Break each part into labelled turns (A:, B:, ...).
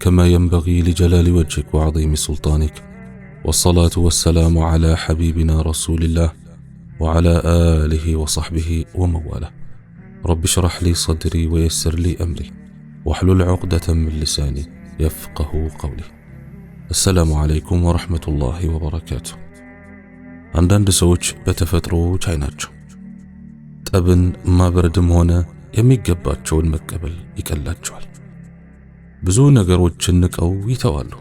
A: كما ينبغي لجلال وجهك وعظيم سلطانك والصلاه والسلام على حبيبنا رسول الله وعلى اله وصحبه ومواله رب اشرح لي صدري ويسر لي امري واحلل عقده من لساني يفقه قولي السلام عليكم ورحمه الله وبركاته አንዳንድ ሰዎች በተፈጥሮ ቻይ ናቸው ጠብን ማብረድም ሆነ የሚገባቸውን መቀበል ይቀላቸዋል ብዙ ነገሮችን ንቀው ይተዋሉ።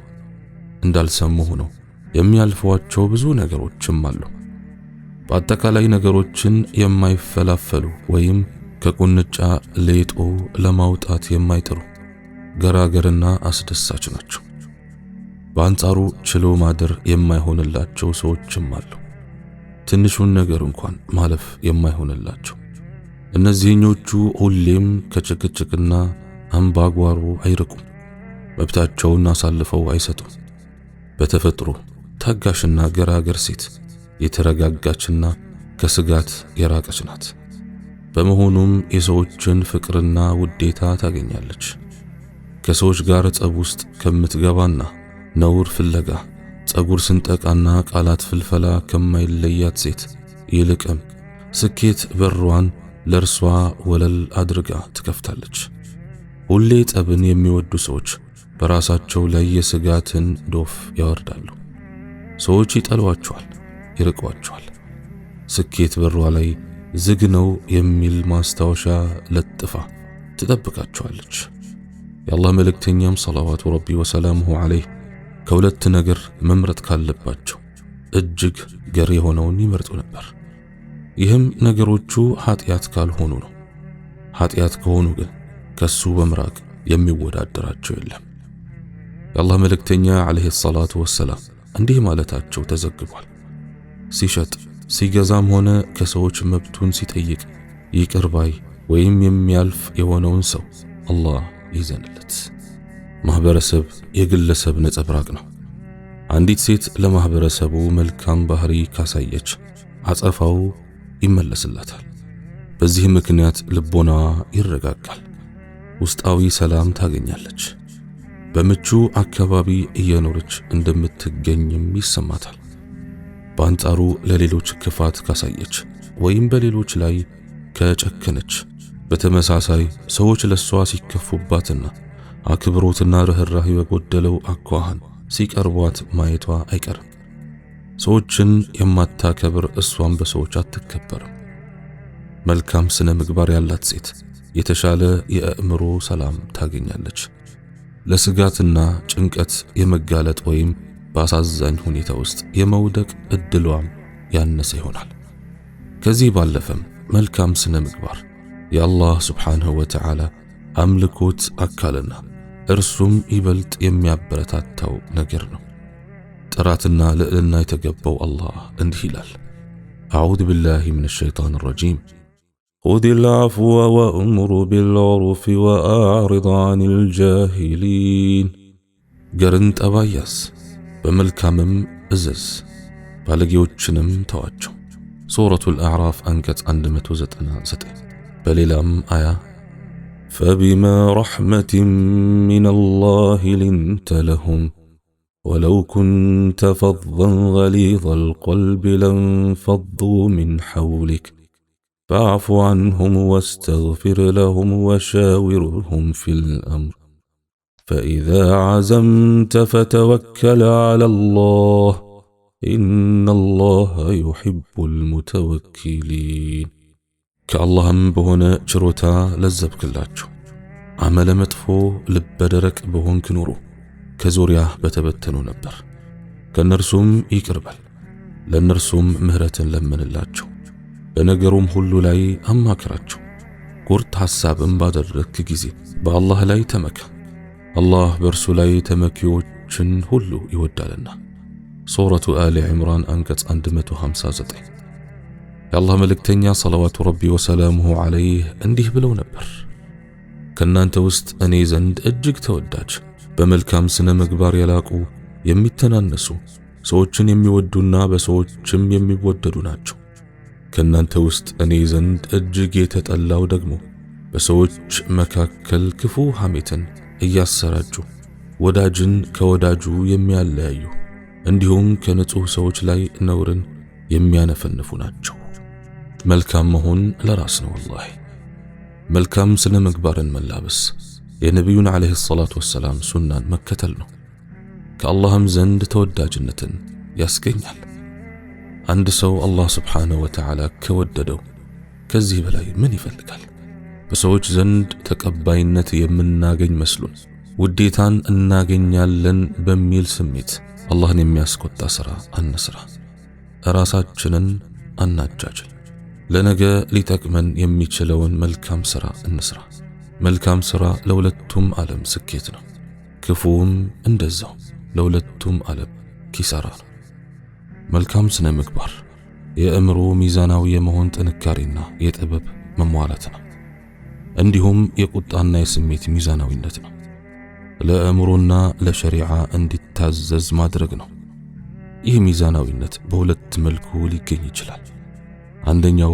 A: እንዳልሰሙ ሆነው የሚያልፏቸው ብዙ ነገሮችም አሉ። በአጠቃላይ ነገሮችን የማይፈላፈሉ ወይም ከቁንጫ ሌጦ ለማውጣት የማይጥሩ ገራገርና አስደሳች ናቸው። በአንጻሩ ችሎ ማደር የማይሆንላቸው ሰዎችም አሉ። ትንሹን ነገር እንኳን ማለፍ የማይሆንላቸው እነዚህኞቹ ሁሌም ከጭቅጭቅና አምባጓሮ አይርቁም። መብታቸውን አሳልፈው አይሰጡም። በተፈጥሮ ታጋሽና ገራገር ሴት የተረጋጋችና ከስጋት የራቀች ናት። በመሆኑም የሰዎችን ፍቅርና ውዴታ ታገኛለች። ከሰዎች ጋር ጸብ ውስጥ ከምትገባና ነውር ፍለጋ ጸጉር ስንጠቃና ቃላት ፍልፈላ ከማይለያት ሴት ይልቅም ስኬት በሯን ለእርሷ ወለል አድርጋ ትከፍታለች። ሁሌ ጠብን የሚወዱ ሰዎች በራሳቸው ላይ የስጋትን ዶፍ ያወርዳሉ። ሰዎች ይጠሏቸዋል፣ ይርቋቸዋል። ስኬት በሯ ላይ ዝግ ነው የሚል ማስታወሻ ለጥፋ ትጠብቃቸዋለች። የአላህ መልእክተኛም ሰላዋቱ ረቢ ወሰላሙሁ ዓለይህ ከሁለት ነገር መምረጥ ካለባቸው እጅግ ገር የሆነውን ይመርጡ ነበር። ይህም ነገሮቹ ኃጢአት ካልሆኑ ነው። ኃጢአት ከሆኑ ግን ከሱ በምራቅ የሚወዳደራቸው የለም። የአላህ መልእክተኛ ዓለይሂ ሰላቱ ወሰላም እንዲህ ማለታቸው ተዘግቧል። ሲሸጥ ሲገዛም ሆነ ከሰዎች መብቱን ሲጠይቅ ይቅር ወይም የሚያልፍ የሆነውን ሰው አላህ ይዘንለት። ማህበረሰብ የግለሰብ ነጸብራቅ ነው። አንዲት ሴት ለማህበረሰቡ መልካም ባህሪ ካሳየች አጸፋው ይመለስላታል። በዚህ ምክንያት ልቦናዋ ይረጋጋል፣ ውስጣዊ ሰላም ታገኛለች። በምቹ አካባቢ እየኖረች እንደምትገኝም ይሰማታል። በአንጻሩ ለሌሎች ክፋት ካሳየች ወይም በሌሎች ላይ ከጨከነች በተመሳሳይ ሰዎች ለሷ ሲከፉባትና አክብሮትና ርኅራህ በጎደለው አኳኋን ሲቀርቧት ማየቷ አይቀርም። ሰዎችን የማታከብር እሷም በሰዎች አትከበርም። መልካም ስነ ምግባር ያላት ሴት የተሻለ የአእምሮ ሰላም ታገኛለች። ለስጋትና ጭንቀት የመጋለጥ ወይም በአሳዛኝ ሁኔታ ውስጥ የመውደቅ እድሏም ያነሰ ይሆናል። ከዚህ ባለፈም መልካም ስነ ምግባር የአላህ ስብሓንሁ ወተዓላ አምልኮት አካልና እርሱም ይበልጥ የሚያበረታታው ነገር ነው። ጥራትና ልዕልና የተገባው አላህ እንዲህ ይላል፣ አዑዙ ቢላሂ ሚነ ሸይጣን ረጂም خذ العفو وأمر بالعرف وأعرض عن الجاهلين أزز ገርንጥ አባያስ سورة الأعراف أنكت ተዋቸው። ሱረቱል أنا አንቀጽ بل በሌላም آية فبما رحمة من الله لنت لهم ولو كنت فظا غليظ القلب لانفضوا من حولك فاعف عنهم واستغفر لهم وشاورهم في الامر فاذا عزمت فتوكل على الله ان الله يحب المتوكلين كالله هم بهنا شروتا لزب كلاتشو عمل مدفو لبدرك بهون كنورو كزوريا بتبتنو نبر كنرسوم يكربل لنرسوم مهرة لمن اللاتشو በነገሩም ሁሉ ላይ አማክራቸው። ቁርጥ ሐሳብም ባደረክ ጊዜ በአላህ ላይ ተመካ። አላህ በእርሱ ላይ ተመኪዎችን ሁሉ ይወዳልና። ሱረቱ አሊ ዕምራን አንቀጽ 159። የአላህ መልእክተኛ ሰለዋቱ ረቢ ወሰላሙሁ ዓለይህ እንዲህ ብለው ነበር፣ ከእናንተ ውስጥ እኔ ዘንድ እጅግ ተወዳጅ በመልካም ስነ ምግባር የላቁ የሚተናነሱ ሰዎችን የሚወዱና በሰዎችም የሚወደዱ ናቸው። ከእናንተ ውስጥ እኔ ዘንድ እጅግ የተጠላው ደግሞ በሰዎች መካከል ክፉ ሐሜትን እያሰራጩ ወዳጅን ከወዳጁ የሚያለያዩ እንዲሁም ከንጹሕ ሰዎች ላይ ነውርን የሚያነፈንፉ ናቸው። መልካም መሆን ለራስ ነው። ወላሂ መልካም ስነ ምግባርን መላበስ የነቢዩን ዓለይሂ ሰላቱ ወሰላም ሱናን መከተል ነው። ከአላህም ዘንድ ተወዳጅነትን ያስገኛል። አንድ ሰው አላህ ስብሓንሁ ወተዓላ ከወደደው ከዚህ በላይ ምን ይፈልጋል? በሰዎች ዘንድ ተቀባይነት የምናገኝ መስሉን ውዴታን እናገኛለን በሚል ስሜት አላህን የሚያስቆጣ ሥራ አንሥራ። እራሳችንን አናጃጅል። ለነገ ሊጠቅመን የሚችለውን መልካም ሥራ እንሥራ። መልካም ሥራ ለሁለቱም ዓለም ስኬት ነው፣ ክፉውም እንደዛው ለሁለቱም ዓለም ኪሳራ ነው። መልካም ስነ ምግባር የእምሮ ሚዛናዊ የመሆን ጥንካሬና የጥበብ መሟላት ነው። እንዲሁም የቁጣና የስሜት ሚዛናዊነት ነው። ለእምሮና ለሸሪዓ እንዲታዘዝ ማድረግ ነው። ይህ ሚዛናዊነት በሁለት መልኩ ሊገኝ ይችላል። አንደኛው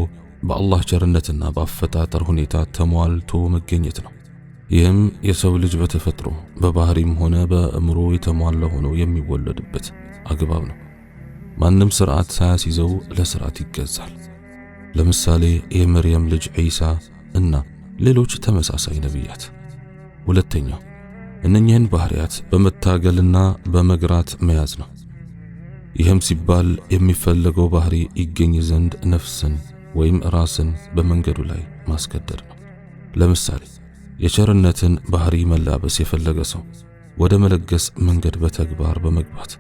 A: በአላህ ቸርነትና በአፈጣጠር ሁኔታ ተሟልቶ መገኘት ነው። ይህም የሰው ልጅ በተፈጥሮ በባህሪም ሆነ በእምሮ የተሟላ ሆኖ የሚወለድበት አግባብ ነው። ማንም ስርዓት ሳያስይዘው ለስርዓት ይገዛል። ለምሳሌ የመርየም ልጅ ዒሳ እና ሌሎች ተመሳሳይ ነቢያት። ሁለተኛው እነኚህን ባህሪያት በመታገልና በመግራት መያዝ ነው። ይህም ሲባል የሚፈለገው ባህሪ ይገኝ ዘንድ ነፍስን ወይም ራስን በመንገዱ ላይ ማስገደድ ነው። ለምሳሌ የቸርነትን ባህሪ መላበስ የፈለገ ሰው ወደ መለገስ መንገድ በተግባር በመግባት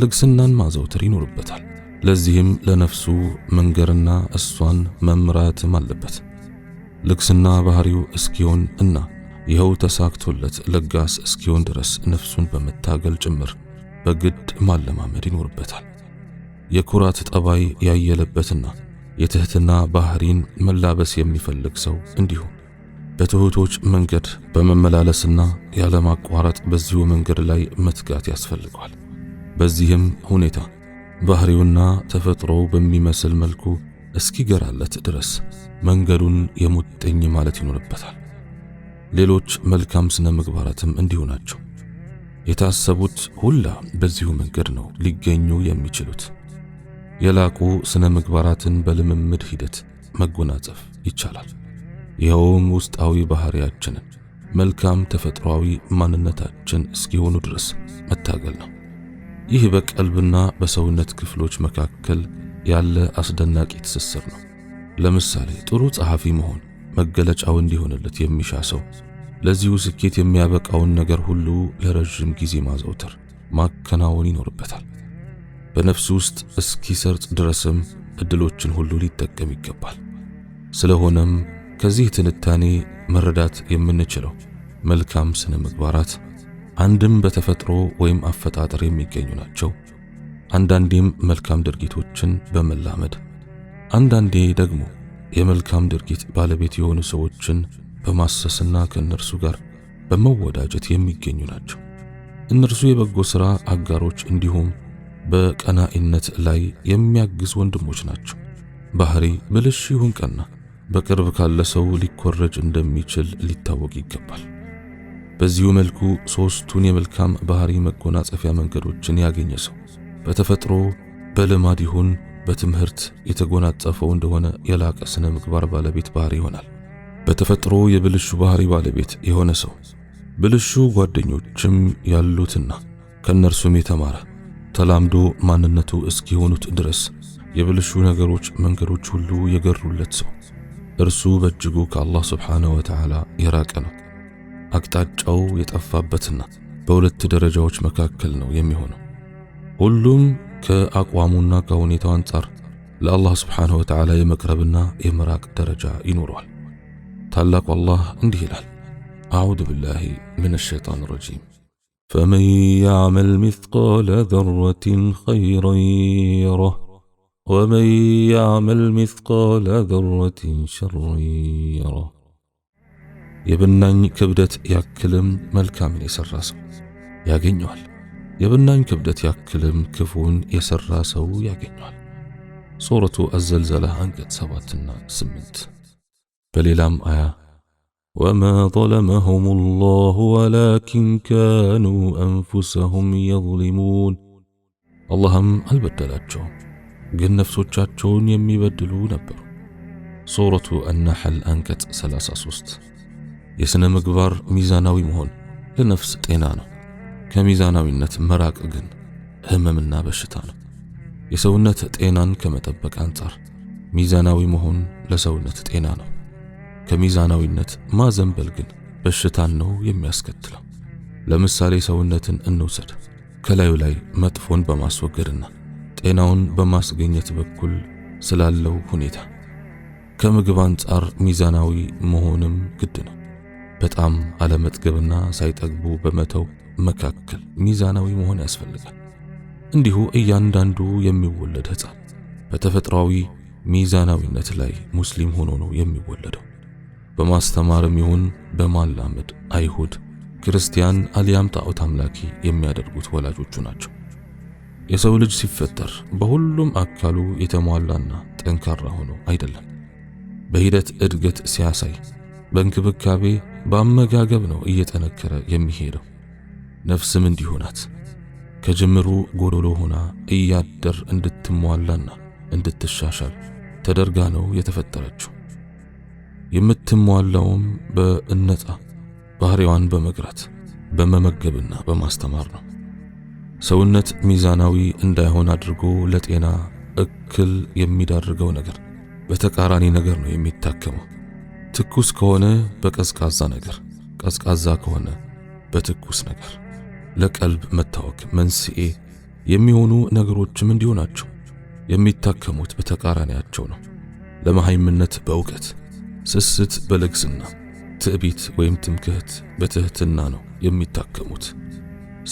A: ልግስናን ማዘውተር ይኖርበታል። ለዚህም ለነፍሱ መንገርና እሷን መምራትም አለበት። ልግስና ባህሪው እስኪሆን እና ይኸው ተሳክቶለት ለጋስ እስኪሆን ድረስ ነፍሱን በመታገል ጭምር በግድ ማለማመድ ይኖርበታል። የኩራት ጠባይ ያየለበትና የትህትና ባህሪን መላበስ የሚፈልግ ሰው እንዲሁም በትሑቶች መንገድ በመመላለስና ያለማቋረጥ በዚሁ መንገድ ላይ መትጋት ያስፈልገዋል። በዚህም ሁኔታ ባህሪውና ተፈጥሮው በሚመስል መልኩ እስኪገራለት ድረስ መንገዱን የሙጥኝ ማለት ይኖርበታል። ሌሎች መልካም ስነ ምግባራትም እንዲሁ ናቸው። የታሰቡት ሁላ በዚሁ መንገድ ነው ሊገኙ የሚችሉት። የላቁ ስነ ምግባራትን በልምምድ ሂደት መጎናጸፍ ይቻላል። ይኸውም ውስጣዊ ባህሪያችንን መልካም ተፈጥሯዊ ማንነታችን እስኪሆኑ ድረስ መታገል ነው። ይህ በቀልብና በሰውነት ክፍሎች መካከል ያለ አስደናቂ ትስስር ነው። ለምሳሌ ጥሩ ጸሐፊ መሆን መገለጫው እንዲሆንለት የሚሻ ሰው ለዚሁ ስኬት የሚያበቃውን ነገር ሁሉ ለረዥም ጊዜ ማዘውተር፣ ማከናወን ይኖርበታል። በነፍሱ ውስጥ እስኪሰርጥ ድረስም እድሎችን ሁሉ ሊጠቀም ይገባል። ስለሆነም ከዚህ ትንታኔ መረዳት የምንችለው መልካም ስነ ምግባራት አንድም በተፈጥሮ ወይም አፈጣጠር የሚገኙ ናቸው። አንዳንዴም መልካም ድርጊቶችን በመላመድ አንዳንዴ ደግሞ የመልካም ድርጊት ባለቤት የሆኑ ሰዎችን በማሰስና ከእነርሱ ጋር በመወዳጀት የሚገኙ ናቸው። እነርሱ የበጎ ሥራ አጋሮች እንዲሁም በቀናኢነት ላይ የሚያግዝ ወንድሞች ናቸው። ባህሪ ብልሽ ይሁን ቀና፣ በቅርብ ካለ ሰው ሊኮረጅ እንደሚችል ሊታወቅ ይገባል። በዚሁ መልኩ ሦስቱን የመልካም ባህሪ መጎናጸፊያ መንገዶችን ያገኘ ሰው በተፈጥሮ በልማድ ይሁን በትምህርት የተጎናጸፈው እንደሆነ የላቀ ስነ ምግባር ባለቤት ባህሪ ይሆናል። በተፈጥሮ የብልሹ ባህሪ ባለቤት የሆነ ሰው ብልሹ ጓደኞችም ያሉትና ከእነርሱም የተማረ ተላምዶ ማንነቱ እስኪሆኑት ድረስ የብልሹ ነገሮች መንገዶች ሁሉ የገሩለት ሰው እርሱ በእጅጉ ከአላህ ስብሓነሁ ወተዓላ የራቀ ነው። አቅጣጫው የጠፋበትና በሁለት ደረጃዎች መካከል ነው የሚሆነው። ሁሉም ከአቋሙና ከሁኔታው አንጻር ለአላህ ስብሓንሁ ወተዓላ የመቅረብና የመራቅ ደረጃ ይኖረዋል። ታላቁ አላህ እንዲህ ይላል፣ አዑዙ ቢላሂ ምን ሸይጣን ረጂም ፈመን ያዕመል ሚስቃለ ዘረትን ኸይረን የረህ ወመን ያዕመል ሚስቃለ ዘረትን ሸረን የረህ የብናኝ ክብደት ያክልም መልካምን የሰራ ሰው ያገኘዋል። የብናኝ ክብደት ያክልም ክፉን የሰራ ሰው ያገኘዋል። ሱረቱ አዘልዘላ አንቀጽ ሰባትና ስምንት በሌላም አያ ወማ ظለመሁም ላሁ ወላኪን ካኑ አንፉሰሁም የظሊሙን አላህም አልበደላቸውም፣ ግን ነፍሶቻቸውን የሚበድሉ ነበሩ። ሱረቱ አናሐል አንቀጽ 33 የሥነ ምግባር ሚዛናዊ መሆን ለነፍስ ጤና ነው። ከሚዛናዊነት መራቅ ግን ሕመምና በሽታ ነው። የሰውነት ጤናን ከመጠበቅ አንጻር ሚዛናዊ መሆን ለሰውነት ጤና ነው። ከሚዛናዊነት ማዘንበል ግን በሽታን ነው የሚያስከትለው። ለምሳሌ ሰውነትን እንውሰድ። ከላዩ ላይ መጥፎን በማስወገድና ጤናውን በማስገኘት በኩል ስላለው ሁኔታ ከምግብ አንጻር ሚዛናዊ መሆንም ግድ ነው። በጣም አለመጥገብና ሳይጠግቡ በመተው መካከል ሚዛናዊ መሆን ያስፈልጋል። እንዲሁ እያንዳንዱ የሚወለድ ሕፃን በተፈጥሯዊ ሚዛናዊነት ላይ ሙስሊም ሆኖ ነው የሚወለደው። በማስተማርም ይሁን በማላመድ አይሁድ፣ ክርስቲያን አሊያም ጣዖት አምላኪ የሚያደርጉት ወላጆቹ ናቸው። የሰው ልጅ ሲፈጠር በሁሉም አካሉ የተሟላና ጠንካራ ሆኖ አይደለም። በሂደት እድገት ሲያሳይ በእንክብካቤ በአመጋገብ ነው እየጠነከረ የሚሄደው። ነፍስም እንዲሁ ናት። ከጅምሩ ጎዶሎ ሆና እያደር እንድትሟላና እንድትሻሻል ተደርጋ ነው የተፈጠረችው። የምትሟላውም በእነጣ ባህሪዋን በመግራት በመመገብና በማስተማር ነው። ሰውነት ሚዛናዊ እንዳይሆን አድርጎ ለጤና እክል የሚዳርገው ነገር በተቃራኒ ነገር ነው የሚታከመው። ትኩስ ከሆነ በቀዝቃዛ ነገር፣ ቀዝቃዛ ከሆነ በትኩስ ነገር። ለቀልብ መታወክ መንስኤ የሚሆኑ ነገሮችም እንዲሁ ናቸው። የሚታከሙት በተቃራኒያቸው ነው። ለመሃይምነት በእውቀት ስስት በልግስና ትዕቢት ወይም ትምክህት በትህትና ነው የሚታከሙት።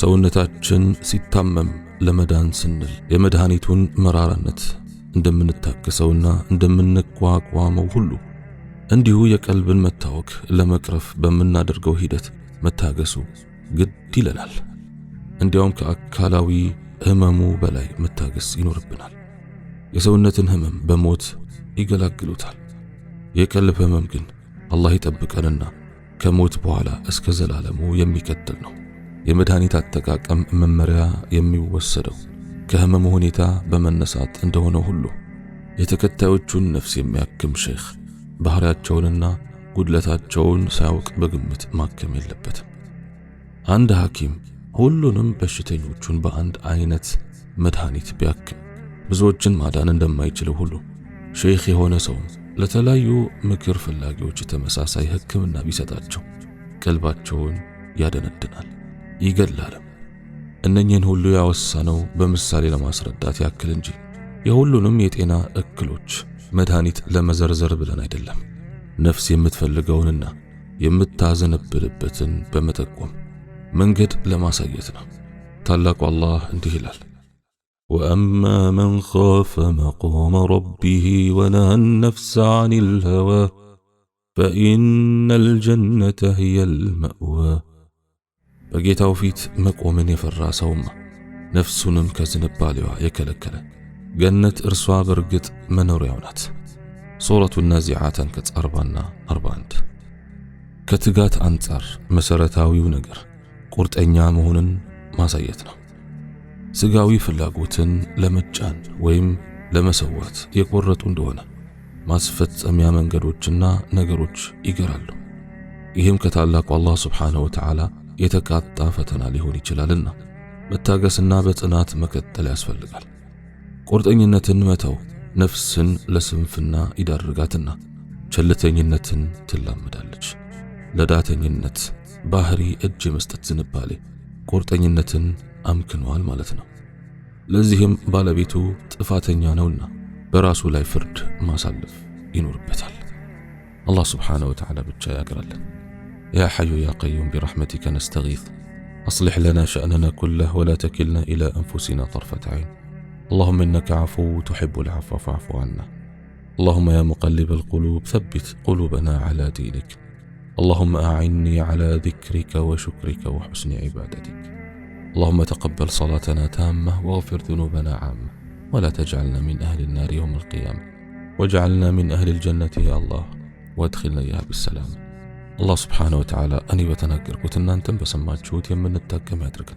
A: ሰውነታችን ሲታመም ለመዳን ስንል የመድኃኒቱን መራራነት እንደምንታገሰውና እንደምንቋቋመው ሁሉ እንዲሁ የቀልብን መታወክ ለመቅረፍ በምናደርገው ሂደት መታገሱ ግድ ይለናል። እንዲያውም ከአካላዊ ህመሙ በላይ መታገስ ይኖርብናል። የሰውነትን ህመም በሞት ይገላግሉታል። የቀልብ ህመም ግን አላህ ይጠብቀንና ከሞት በኋላ እስከ ዘላለሙ የሚቀጥል ነው። የመድኃኒት አጠቃቀም መመሪያ የሚወሰደው ከህመሙ ሁኔታ በመነሳት እንደሆነ ሁሉ የተከታዮቹን ነፍስ የሚያክም ሼኽ ባህሪያቸውንና ጉድለታቸውን ሳያውቅ በግምት ማከም የለበትም። አንድ ሐኪም ሁሉንም በሽተኞቹን በአንድ አይነት መድኃኒት ቢያክም ብዙዎችን ማዳን እንደማይችለው ሁሉ ሼህ የሆነ ሰው ለተለያዩ ምክር ፈላጊዎች ተመሳሳይ ሕክምና ቢሰጣቸው ቀልባቸውን ያደነድናል፣ ይገላልም። እነኝህን ሁሉ ያወሳነው በምሳሌ ለማስረዳት ያክል እንጂ የሁሉንም የጤና እክሎች መድኃኒት ለመዘርዘር ብለን አይደለም፣ ነፍስ የምትፈልገውንና የምታዘነብልበትን በመጠቆም መንገድ ለማሳየት ነው። ታላቁ አላህ እንዲህ ይላል፣ ወአማ መን ኻፈ መቆመ ረቢህ ወነሃ ነፍሰ አኒል ሀዋ ፈኢነል ጀነተ ሂየል መእዋ። በጌታው ፊት መቆምን የፈራ ሰውማ ነፍሱንም ከዝንባሌዋ የከለከለ ገነት እርሷ በእርግጥ መኖሪያው ናት። ሱረቱ ናዚዓት አንቀጽ 40ና 41 ከትጋት አንጻር መሰረታዊው ነገር ቁርጠኛ መሆንን ማሳየት ነው። ስጋዊ ፍላጎትን ለመጫን ወይም ለመሰዋት የቆረጡ እንደሆነ ማስፈጸሚያ መንገዶችና ነገሮች ይገራሉ። ይህም ከታላቁ አላህ ስብሓንሁ ወተዓላ የተቃጣ ፈተና ሊሆን ይችላልና መታገስና በጽናት መቀጠል ያስፈልጋል። ቁርጠኝነትን መተው ነፍስን ለስንፍና ይዳርጋትና ቸልተኝነትን ትላመዳለች። ለዳተኝነት ባህሪ እጅ የመስጠት ዝንባሌ ቁርጠኝነትን አምክኗል ማለት ነው። ለዚህም ባለቤቱ ጥፋተኛ ነውና በራሱ ላይ ፍርድ ማሳለፍ ይኖርበታል። አላህ ስብሓነሁ ወተዓላ ብቻ ያግራለን። ያ ሐዩ ያ ቀዩም ቢረሕመቲከ ነስተጊዝ አስሊሕ ለና ሸእነና ኩለህ ወላ ተኪልና ኢላ አንፉሲና ጠርፈት ዐይን اللهم إنك عفو تحب العفو فاعف عنا اللهم يا مقلب القلوب ثبت قلوبنا على دينك اللهم أعني على ذكرك وشكرك وحسن عبادتك اللهم تقبل صلاتنا تامة واغفر ذنوبنا عامة ولا تجعلنا من أهل النار يوم القيامة واجعلنا من أهل الجنة يا الله وادخلنا إياها بالسلام الله سبحانه وتعالى أني كنت ان تنبسم ما تشوت يمن التاك كما تركت